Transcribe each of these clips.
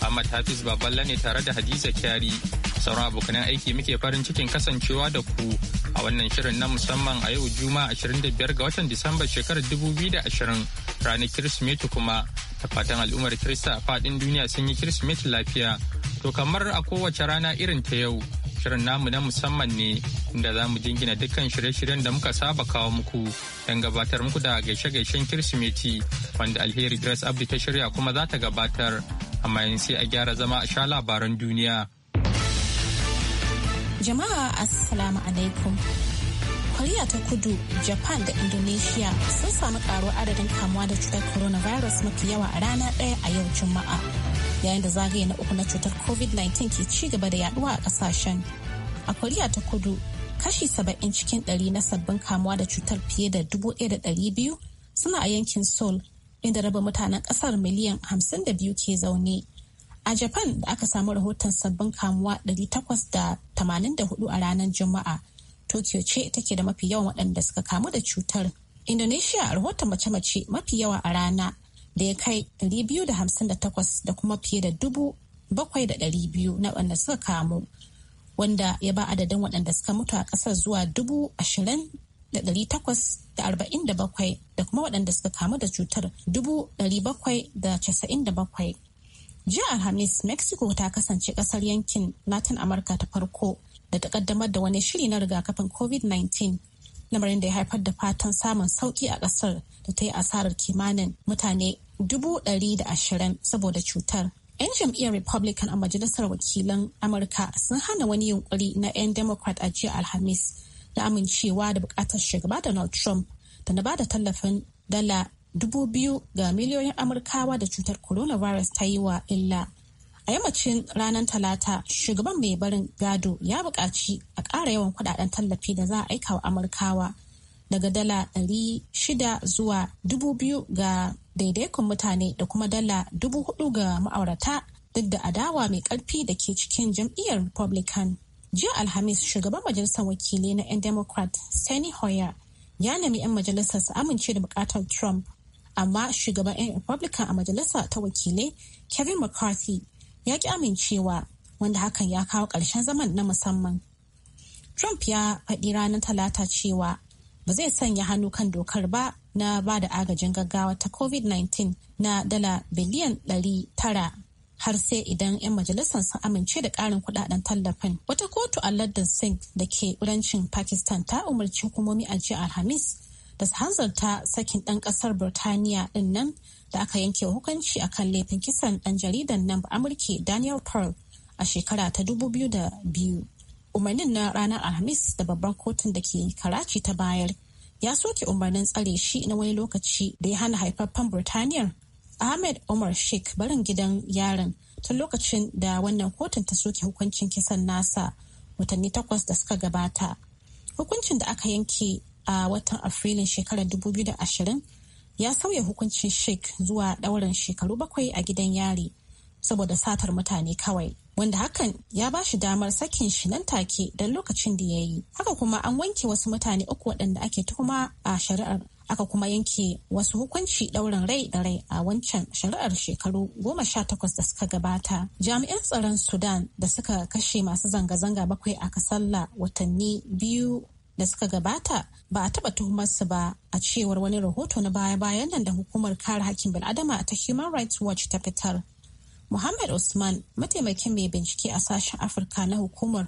Ahmad Hafiz Baballa ne tare da Hadiza Kyari. Sauran abokanan aiki muke farin cikin kasancewa da ku a wannan shirin na musamman a yau Juma'a 25 ga watan Disamba shekarar 2020 ranar Kirsimeti kuma ta fatan al'ummar Kirista a faɗin duniya sun yi Kirsimeti lafiya. To kamar a kowace rana irin ta yau shirin namu na musamman ne inda za mu jingina dukkan shirye-shiryen da muka saba kawo muku don gabatar muku da gaishe-gaishen Kirsimeti wanda alheri Grace Abdi ta shirya kuma za ta gabatar. amma sai a gyara zama a sha labaran duniya. Jama'a Assalamu alaikum. Koriya ta kudu, Japan da Indonesia sun sami karuwar adadin kamuwa da cutar coronavirus mafi yawa a rana ɗaya a yau Juma'a. Yayin da zagaye na uku na cutar COVID-19 ke ci gaba da yaduwa a kasashen. A Koriya ta kudu, kashi saba'in cikin ɗari na sabbin kamuwa da cutar fiye da dubu ɗaya da ɗari biyu suna a yankin Seoul inda raba mutanen kasar miliyan 52 ke zaune. A Japan da aka samu rahoton sabbin kamuwa 884 a ranar Juma'a, Tokyo ce take da mafi yawan waɗanda suka kamu da cutar. Indonesia rahoton mace-mace mafi yawa a rana da ya kai 258 da kuma fiye da dubu bakwai da ɗari biyu na waɗanda suka kamu wanda ya ba adadin waɗanda suka mutu a ƙasar zuwa dubu ashirin da ɗari takwas da arba'in da bakwai da kuma waɗanda suka kamu da cutar dubu ɗari bakwai casa'in da Jiya Alhamis, Mexico ta kasance ƙasar yankin Latin Amurka ta farko da ta ƙaddamar da wani shiri na rigakafin COVID-19 lamarin da ya haifar da fatan samun sauƙi a ƙasar da ta yi asarar kimanin mutane dubu ɗari da ashirin saboda cutar. 'Yan jam'iyyar Republican a Majalisar Wakilan Amurka sun hana wani yunkuri na 'yan Democrat a jiya Alhamis na amincewa da bukatar shugaba Donald Trump da na bada tallafin dala dubu biyu ga miliyoyin Amurkawa da cutar coronavirus ta yi wa illa. A yammacin ranar Talata, shugaban mai barin gado ya buƙaci a ƙara yawan kudaden tallafi da za a aika wa Amurkawa daga dala ɗari shida zuwa dubu biyu ga daidaikun mutane da kuma dala dubu hudu ga ma'aurata duk da adawa mai ƙarfi da ke cikin jam'iyyar Republican. jiya alhamis shugaban majalisar wakilai na 'yan democrat steny hoyer ya nemi 'yan majalisar su amince da bukatar trump amma shugaban 'yan republican a majalisa ta wakilai kevin mccarthy ya ki amincewa wanda hakan ya kawo karshen zaman na musamman trump ya faɗi ranar talata cewa ba zai sanya hannu kan dokar ba na ba da agajin gaggawa ta covid-19 na dala biliyan har sai idan 'yan majalisar sun amince da ƙarin kudaden tallafin. Wata kotu a Lardin Singh da ke kudancin Pakistan ta umarci hukumomi a jiya Alhamis da su hanzarta sakin ɗan ƙasar Birtaniya ɗin nan da aka yanke hukunci akan laifin kisan ɗan jaridan nan Amurki Daniel Pearl a shekara ta 2002. Umarnin na ranar Alhamis da babban kotun da ke karaci ta bayar ya soke umarnin tsare shi na wani lokaci da ya hana haifaffen Birtaniyar ahmed omar sheikh barin gidan yarin tun lokacin da wannan kotun ta soke hukuncin kisan nasa watanni takwas da suka gabata hukuncin da aka yanke a watan afrilun shekarar 2020 ya sauya hukuncin sheik zuwa ɗaurin shekaru bakwai a gidan yari saboda satar mutane kawai wanda hakan ya ba shi damar sakin shi nan take don lokacin da ya yi haka kuma an wanke wasu mutane uku waɗanda ake tuhuma a shari'ar aka kuma yanke wasu hukunci ɗaurin rai da rai a wancan shari'ar shekaru goma sha takwas da suka gabata jami'an tsaron sudan da suka kashe masu zanga-zanga bakwai a kasalla watanni biyu da suka gabata ba a taba tuhumarsu ba a cewar wani rahoto na baya-bayan nan da hukumar kare hakkin bil'adama ta human rights watch ta fitar muhammad usman mataimakin mai bincike a sashen afirka na hukumar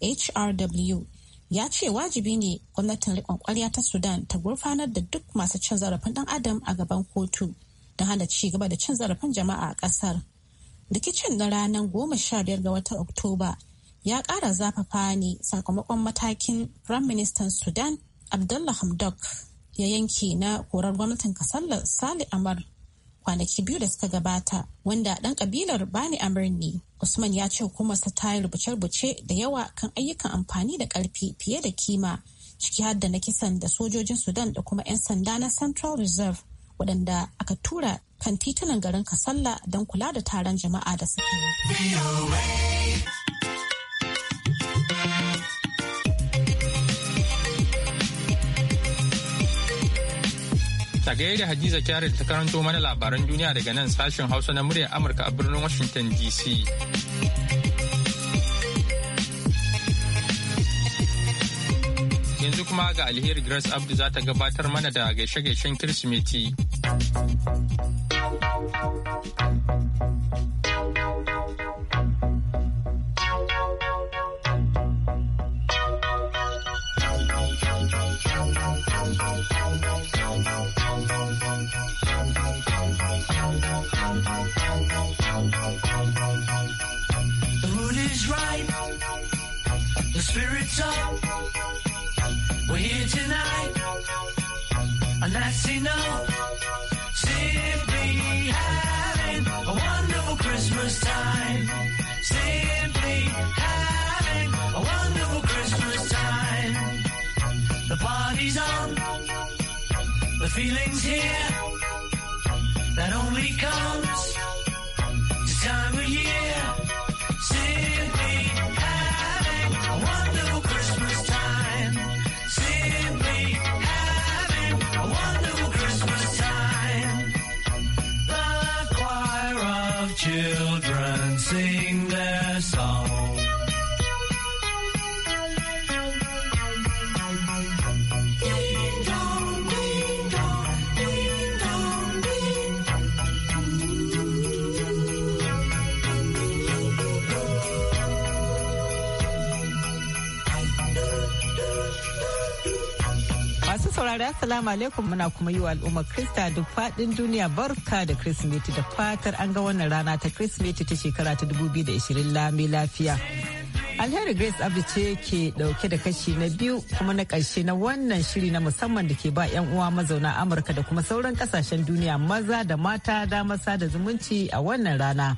hrw ya ce wajibi ne gwamnatin riƙon ƙwarya ta sudan ta gurfanar da duk masu cin zarafin ɗan adam a gaban kotu da hana ci gaba da cin zarafin jama'a a ƙasar rikicin na ranar goma sha biyar ga watan oktoba ya ƙara zafafa ne sakamakon matakin ministan sudan abdullah hamdok ya yanke na korar gwamnatin kasar sali amar kwanaki biyu da suka gabata wanda dan kabilar bani ne usman ya ce hukumarsa ta yi rubuce-rubuce da yawa kan ayyukan amfani da karfi fiye da kima ciki har da na kisan da sojojin sudan da kuma 'yan sanda na central reserve waɗanda aka tura kan titunan garin kasalla don kula da taron jama'a da suke yi. A da Hadiza Kyari ta karanto mana labaran duniya daga nan sashen Hausa na muryar Amurka a birnin Washington DC. Yanzu kuma ga alheri Grace Abdu za ta gabatar mana da gaishe-gaishen Kirsimeti. spiritual. We're here tonight, and that's enough. Simply having a wonderful Christmas time. Simply having a wonderful Christmas time. The party's on, the feeling's here. children sing their song. saurari assalamu alaikum muna kuma yi wa al'ummar krista duk fadin duniya barka da kirsimeti da fatar an ga wannan rana ta kirsimeti ta shekara ta 2020 lami lafiya alheri grace abu ce ke dauke da kashi na biyu kuma na karshe na wannan shiri na musamman da ke ba 'yan uwa mazauna amurka da kuma sauran kasashen duniya maza da mata damar sada zumunci a wannan rana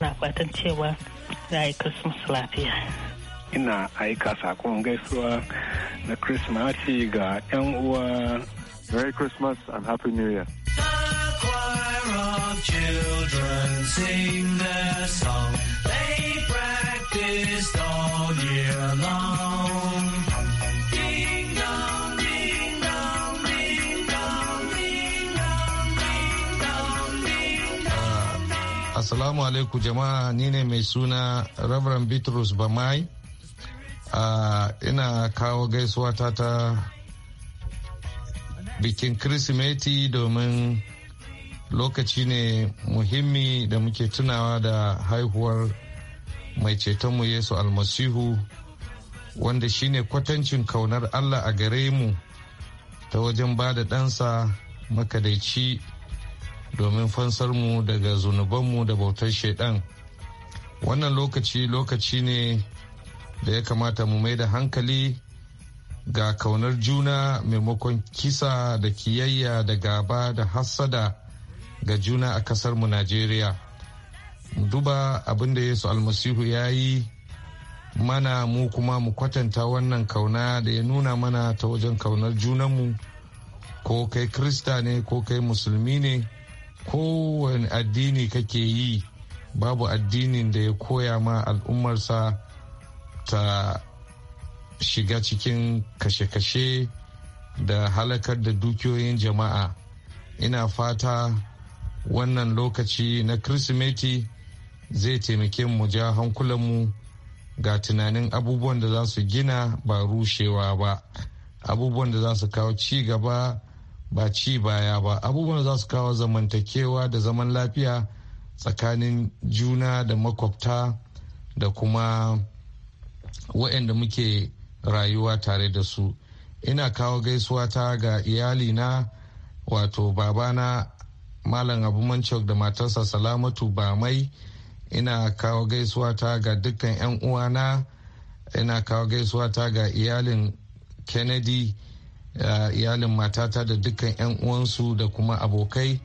na fatan cewa za a yi christmas lafiya ina aika sakon gaisuwa na Krismati ga 'yan uwa. Merry Christmas and Happy New Year. children sing their song. They practiced all year long. Assalamu alaikum jama'a ni ne mai suna Reverend Bitrus Bamai ina kawo gaisuwa ta ta bikin kirsimeti domin lokaci ne muhimmi da muke tunawa da haihuwar mai cetonmu yesu almasihu wanda shine kwatancin kaunar allah a gare mu ta wajen ba da ɗansa makadaici domin fansarmu daga zunubanmu da bautar shaidan wannan lokaci lokaci ne da ya kamata mu mai da hankali ga kaunar juna maimakon kisa da kiyayya da gaba da hassada ga juna a kasarmu najeriya duba abin da yesu almasihu ya yi mana mu kuma mu kwatanta wannan kauna da ya nuna mana ta wajen kaunar junanmu ko kai krista ne ko kai musulmi ne kowane addini kake yi babu addinin da ya koya ma al'ummarsa ta shiga cikin kashe-kashe da halakar da dukiyoyin jama'a ina fata wannan lokaci na kirsimeti zai taimake mu ja hankulanmu ga tunanin abubuwan da za su gina ba rushewa ba abubuwan da za su kawo ci gaba ba ci baya ba abubuwan da za su kawo zamantakewa da zaman lafiya tsakanin juna da makwabta da kuma waɗanda muke rayuwa tare da su ina kawo gaisuwa ta ga iyalina wato babana malam abu mancok da matarsa salamatu ba mai ina kawo gaisuwa ta ga dukkan 'yan uwana ina kawo gaisuwa ta ga iyalin kennedy eh, iyalin matata da dukkan 'yan uwansu da kuma abokai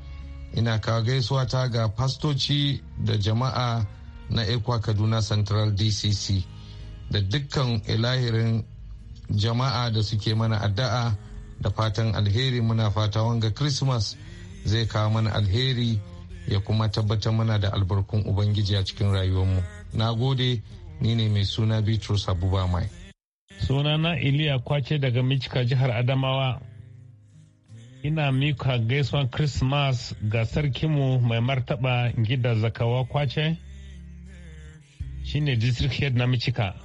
ina kawo gaisuwa ta ga fastoci da jama'a na ekwa kaduna central dcc da dukkan ilahirin jama'a da suke mana addu'a da fatan alheri muna fata wanga christmas zai kawo mana alheri ya kuma tabbatar mana da albarkun ubangiji a cikin rayuwarmu na gode ni ne mai suna bitrus abuba mai sunana iliya kwace daga michika jihar adamawa ina mika gaisuwan christmas ga sarkinmu mai martaba gida zakawa kwace shine district head na michika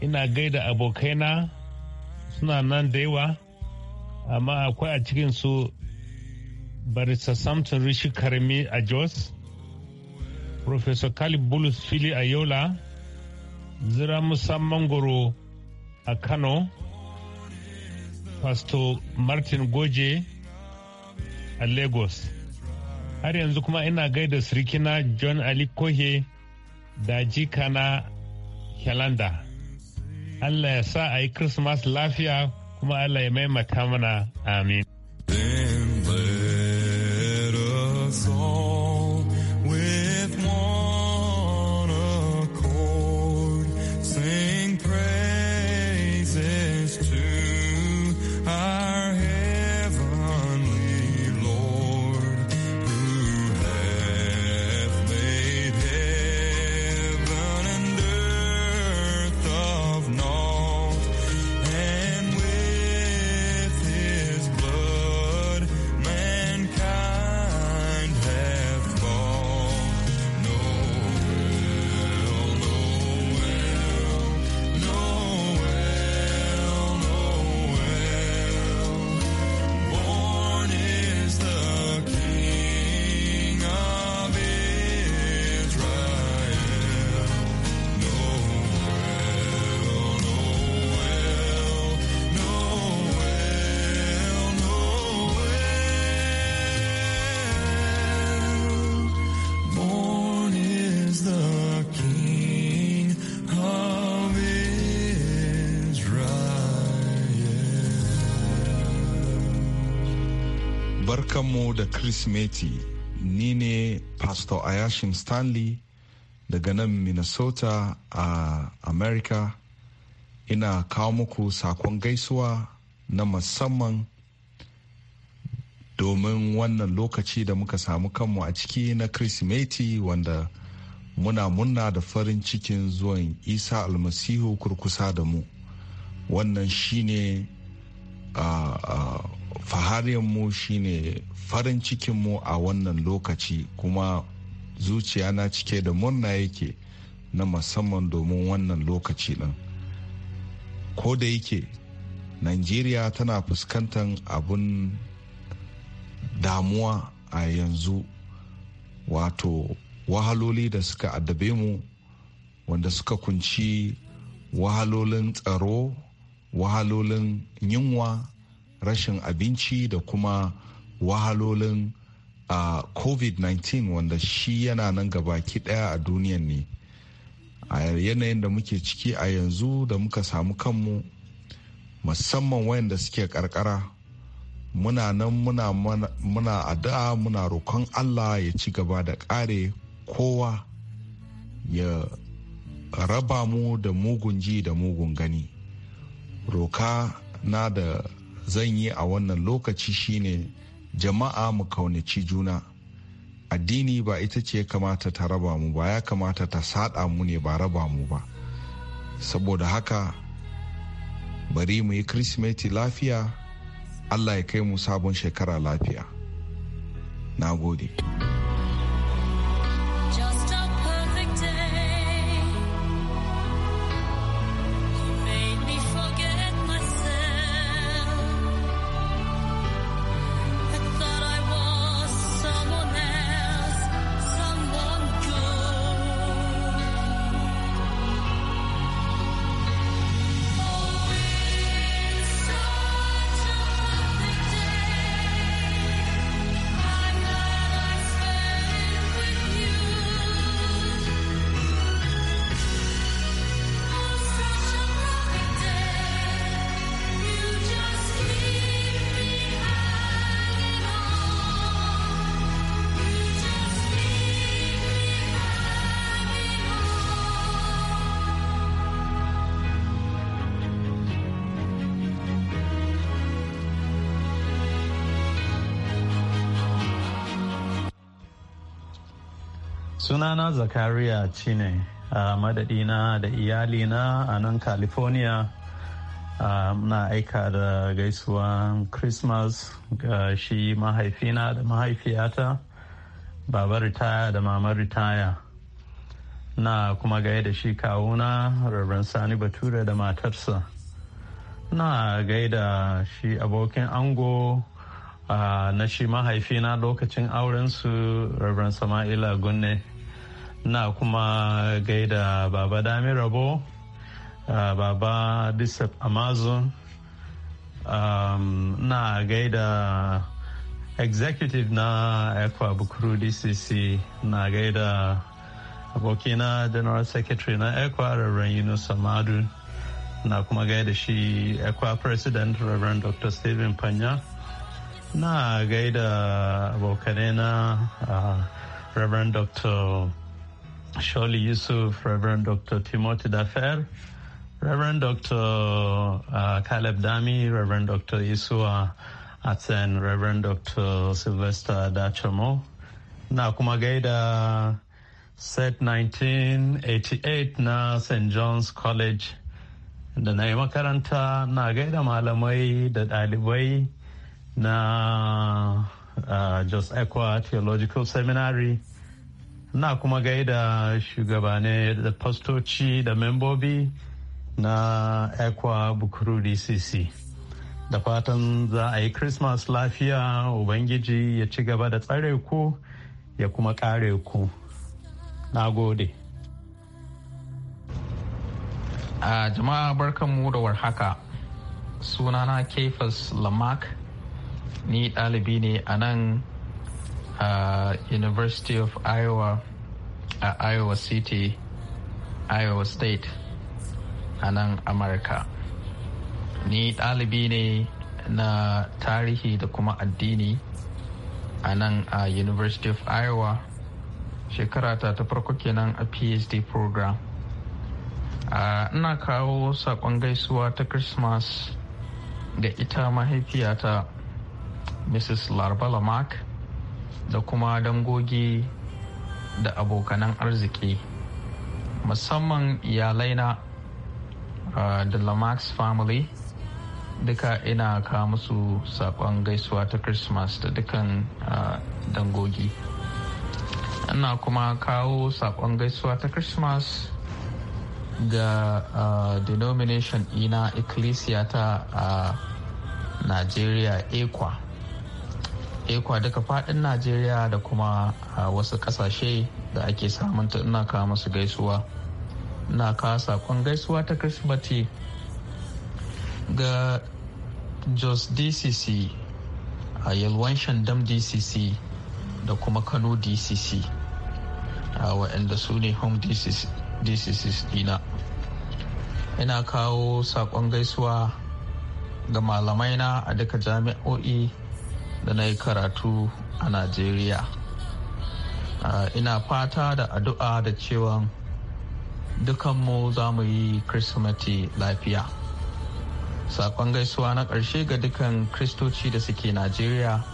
ina gaida abokaina suna nan da yawa amma akwai a cikinsu barista samson rishi karami a jos professor kalib bulus fili a yola zira musamman goro a kano pastor martin goje a lagos har yanzu kuma ina gaida sirikina john ali kohe da jikana helanda Allah ya sa a yi Christmas lafiya kuma Allah ya maimaka mana amin. Barkanmu da Kirsimeti, ni ne Pastor yashin Stanley daga nan Minnesota a America. Ina kawo muku sakon gaisuwa na musamman domin wannan lokaci da muka samu kanmu a ciki na Kirsimeti wanda muna munna da farin cikin zuwan Isa almasihu kurkusa da mu. Wannan shine ne mu shine farin cikinmu a wannan lokaci kuma zuciya na cike da murna yake na musamman domin wannan lokaci ɗin ko da yake najeriya tana fuskantar abun damuwa a yanzu wato wahaloli da suka addabe mu wanda suka kunci wahalolin tsaro wahalolin yunwa rashin abinci da kuma wahalolin uh, covid-19 wanda shi yana nan gabaki daya a duniyan ne a yanayin da muke ciki a yanzu da muka samu kanmu musamman wayanda suke karkara muna nan muna, muna, muna addu'a muna roƙon allah ya ci gaba da ƙare kowa ya raba mu da mugun ji da mugun gani roka na da zan yi a wannan lokaci shine jama'a mu kaunaci juna addini ba ita ce kamata ta raba mu ba ya kamata ta saɗa mu ne ba raba mu ba saboda haka bari mu yi kirsimeti lafiya allah ya kai mu sabon shekara lafiya na gode sunana zakariya cine a madadina da iyalina a nan california na aika da gaisuwan christmas ga shi mahaifina da mahaifiyata baba ritaya da mama ritaya na kuma gaya da shi kawuna rabin sani bature da matarsa na gaida shi abokin ango na shi mahaifina lokacin aurensu rabin sama'ila gunne na kuma gaida baba dami rabo baba bishop amazon um, na gaida executive na ekwa bukuru dcc na gaida abokina general secretary na ekwa reverend yunus amadu na kuma gaida shi ekwa president reverend dr stephen panya na gaida abokanai na uh, dr Shirley Yusuf, Reverend Dr. Timothy Dafer, Reverend Dr. Uh, Caleb Dami, Reverend Dr. Isua Atsen, Reverend Dr. Sylvester Dachamo. Na kuma gaida set 1988 na St. John's College da na yi makaranta na gaida malamai da ɗalibai na uh, Jos Equa Theological Seminary. na kuma gaida shugabane da fastoci da membobi na ekwa bukuru dcc da fatan za a yi christmas lafiya ubangiji ya ci gaba da tsare ku ya kuma kare ku na gode a jama'a barkanmu da warhaka sunana kefas lamak ni ɗalibi ne a nan a uh, university of iowa a uh, iowa city iowa state a nan amurka ni ɗalibi ne na tarihi da kuma addini a nan a uh, university of iowa shekarata ta farko kenan a phd program ina kawo saƙon gaisuwa ta christmas ga ita mahaifiyata mrs Larbala Mark. da kuma dangogi da abokanan arziki musamman iyalai iyalaina da lamax family duka ina ka musu sakon gaisuwa ta christmas da dukan dangogi ina kuma kawo sakon gaisuwa ta christmas ga denomination ina ecclesia ta a nigeria ekwa ekwa duka fadin najeriya da kuma a wasu kasashe da ake ta ina kawo masu gaisuwa na kawo sakon gaisuwa ta kirsimati ga jos dcc a yalwan shandam dcc da kuma kano dcc a waɗanda su ne home dcc dina ina kawo sakon gaisuwa ga malamai na a duka jami'o'i da na yi karatu a najeriya ina fata da addu'a da cewa dukanmu za mu yi kirsimeti lafiya sakon gaisuwa na ƙarshe ga dukan kristoci da suke najeriya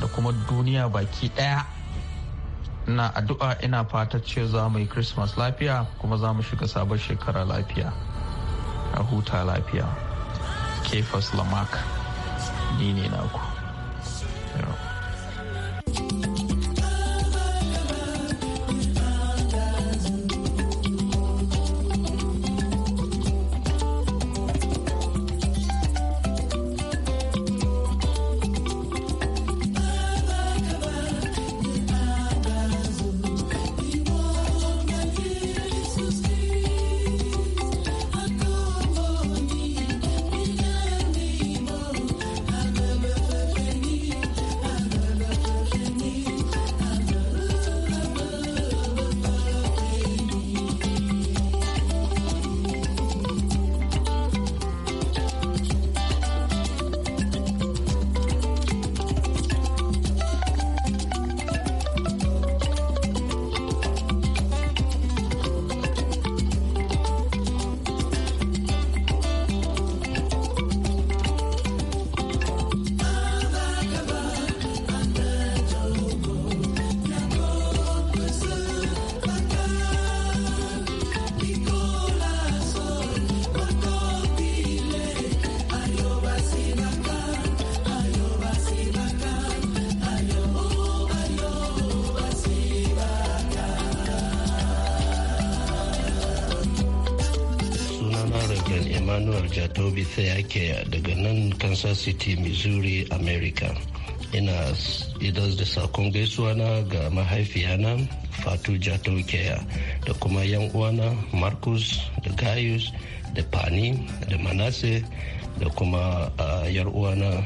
da kuma duniya baki ɗaya ina addu'a ina fata ce za mu yi christmas lafiya kuma za mu shiga sabon shekara lafiya a huta lafiya kefas lamak ni ne naku kansas city missouri america ina idan da sakon gaisuwa na ga mahaifiyana fatu jato keya da kuma yan uwana marcus da gaius da pani da manase da kuma yar uwana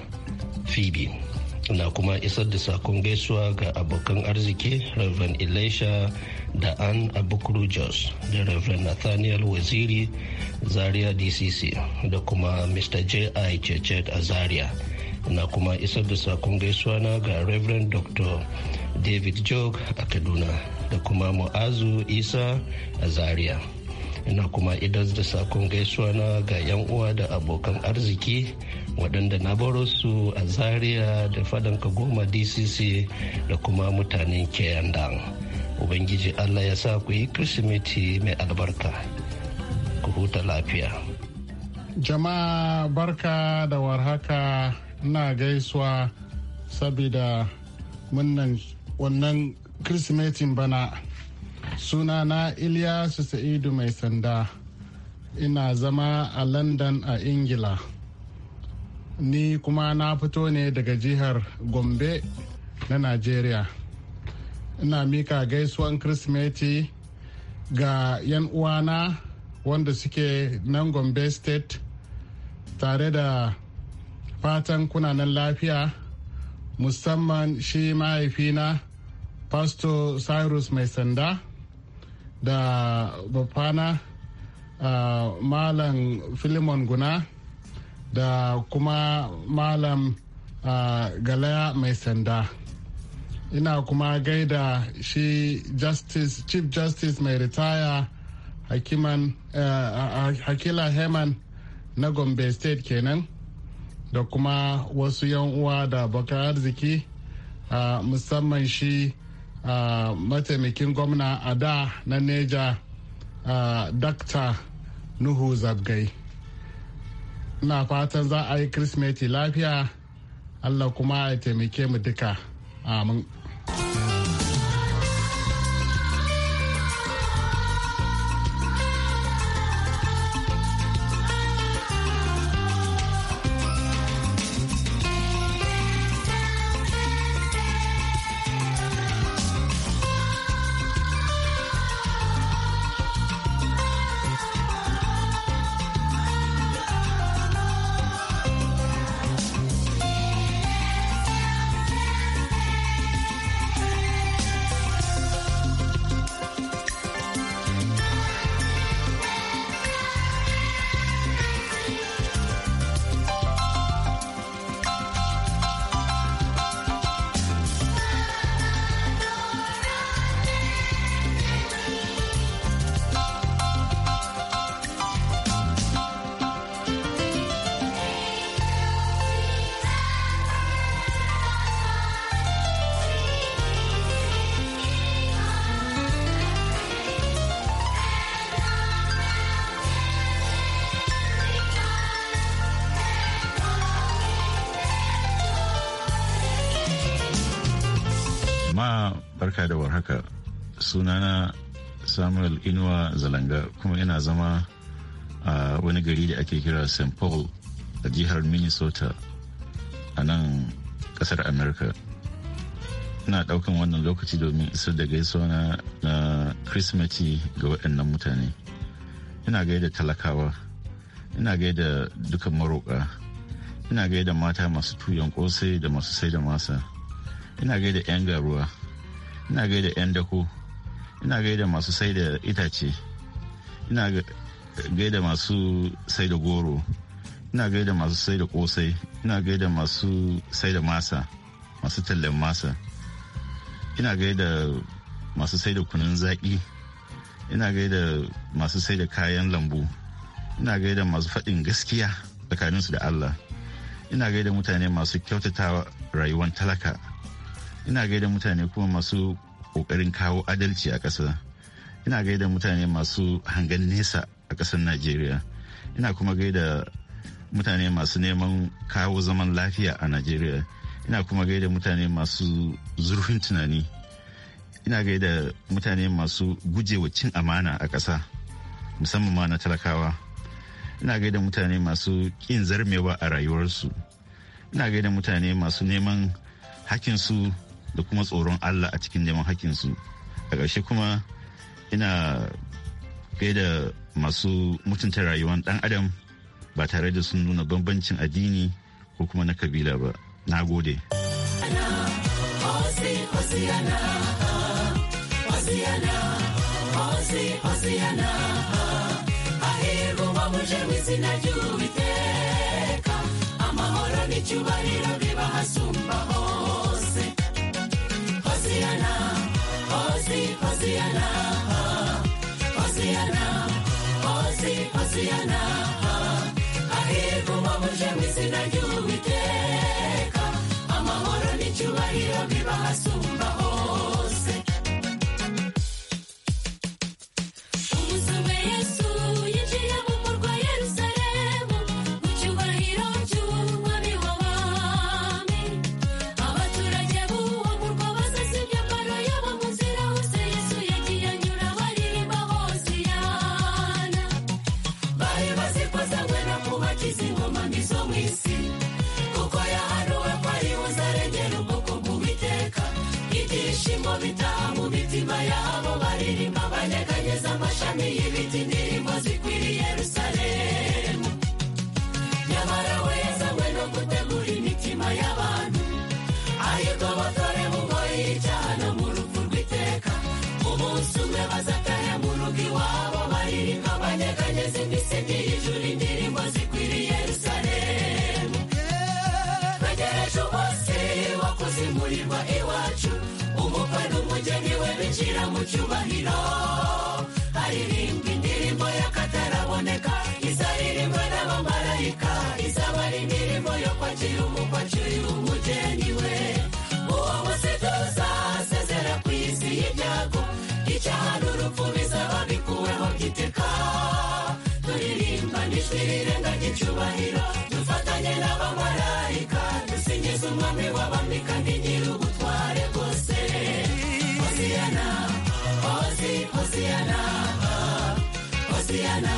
phoebe na kuma isar da sakon gaisuwa ga abokan arziki Reverend Elisha da an abukuru jos da reverend nathaniel waziri zaria dcc da kuma mr j.i. chechet a zaria na kuma isar da sakon gaisuwa na ga reverend dr david jog a kaduna da kuma mu'azu isa a zaria ina kuma idan da sakon gaisuwa na ga 'yan uwa da abokan arziki waɗanda na baro su a zaria da fadanka goma dcc da kuma mutanen keyandan ubangiji allah ya sa ku yi kirsimeti mai albarka ku huta lafiya jama'a barka da warhaka na gaisuwa saboda wannan kirsimetin bana suna na iliyasu sa'idu mai sanda ina zama a london a ingila ni kuma na fito ne daga jihar gombe na najeriya ina mika gaisuwan kirsimeti ga 'yan uwana wanda suke nan gombe state tare da fatan kunanan lafiya musamman shi mahaifina pasto cyrus mai sanda da bafana uh, malam filimon guna da kuma malam uh, galaya mai sanda ina kuma gaida shi justice chief justice mai ritaya hakiman uh, hakila heman na gombe state kenan da kuma wasu yan uwa da abokan arziki uh, musamman shi uh, mataimakin gwamna a da na neja uh, dakta nuhu zabgai na fatan za a yi kirsimeti lafiya allah kuma ya taimake mu duka amin da warhaka sunana samuel inuwa zalanga kuma ina zama a wani gari da ake kira st paul a jihar minnesota a nan kasar america ina daukan wannan lokaci domin isar da gaisuwa na kirsimeti ga waɗannan mutane ina gaida talakawa ina gaida duka maroƙa ina gaida mata masu tuyan kosai da masu sai da masa ina gaida 'yan garuwa ina gaida 'yan dako ina gaida masu sai da itace ina gaida masu sai da goro ina gaida masu sai da kosai ina gaida masu sai da masa masu tallan masa ina gaida masu sai da kunun zaƙi ina gaida masu sai da kayan lambu ina gaida masu faɗin gaskiya tsakaninsu da allah ina gaida mutane masu kyautatawa rayuwar talaka ina gaida mutane kuma masu kokarin kawo adalci a kasa. ina gaida mutane masu hangen nesa a ƙasar najeriya ina kuma gaida mutane masu neman kawo zaman lafiya a najeriya ina kuma gaida mutane masu zurfin tunani ina gaida mutane masu gujewa cin amana a ƙasa musamman ma na talakawa ina gaida mutane masu ƙin zarmewa a rayuwarsu ina gaida mutane masu neman hakinsu da kuma tsoron Allah a cikin neman hakinsu a ƙarshe kuma ina gaida masu mutunta rayuwar ɗan adam ba tare da sun nuna bambancin addini ko kuma na kabila ba na gode amahoro n'icyubahiro biba oh Sinajua Uwiteka, amahoro biba bibahasumba imana mu cyubahiro haririmbwa indirimbo y'akataraboneka izaririmbwa n'abamarayika izaba ari indirimbo yo kwakira umukwakiri umugeni we uwo musiga uzasezera ku isi y'ibyago icyaha n'urupfu bizaba bikuweho giteka turirimba n'ijwi rirenganya icyubahiro dufatanye n'abamarayika dusingiza umwami w'abami kandi nyir'ubu Hosiana, Hosiana,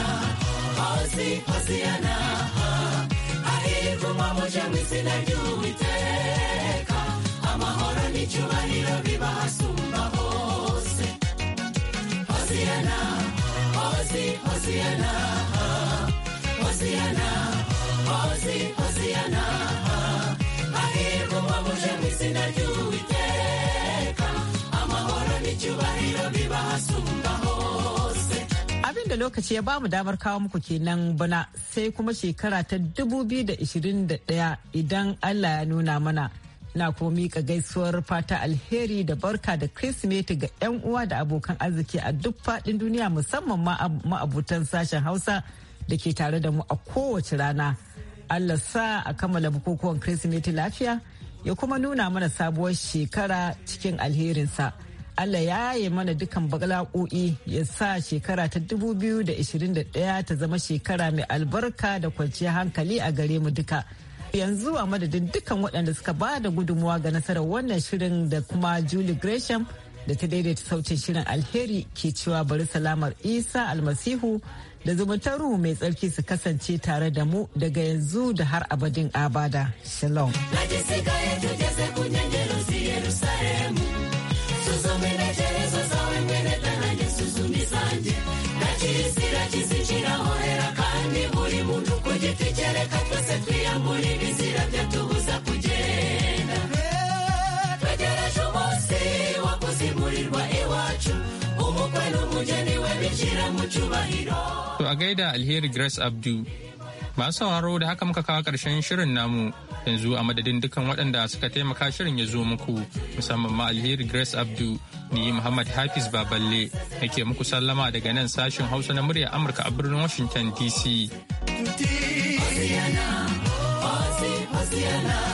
Hosi, Hosiana. Ahirwa muje mu izina ry'Uwiteka, amahoro n'icyubahiro bibahasumba hose. Hosiana, Hosi, Hosiana, Hosiana, Hosi, Hosiana. Ahirwa muje mu izina ry'Uwiteka, amahoro n'icyubahiro bibahasumba da lokaci ya bamu damar kawo muku kenan bana sai kuma shekara ta 2021 idan Allah ya nuna mana. Na kuma mika gaisuwar fata alheri da barka da Kirsimeti ga 'yan uwa da abokan arziki a duk faɗin duniya musamman ma'abutan sashen Hausa da ke tare da mu a kowace rana. Allah sa a kammala bukukuwan Kirsimeti lafiya ya kuma nuna mana sabuwar shekara cikin alherinsa. Allah ya yi mana dukan bakala'o'i ya sa shekara ta 2021 ta zama shekara mai albarka da kwanciyar hankali a gare mu duka. Yanzu a madadin dukan waɗanda suka ba da gudunmuwa ga nasarar wannan shirin da kuma Julie Gresham da ta daidaita sautin shirin alheri ke cewa bari salamar Isa almasihu da zumuntar ruhu mai tsarki su kasance tare da mu daga yanzu da har abadin abada. Shalom. zanjye ndakiyisira kizinjirahorera kandi buri muntu ku giti twese ibizira byatubuza kugenda twegereje umunsi wo kuzimurirwa iwacu umukwe n'umugeni we mu cyubahiro agaida alheri grace abdu Masu sauraro da haka muka kawo ƙarshen shirin namu yanzu a madadin dukkan waɗanda suka taimaka shirin ya zo muku musamman ma alheri Grace Abdu ni Muhammad Hafiz Baballe nake muku sallama daga nan sashin Hausa na murya Amurka a birnin Washington DC.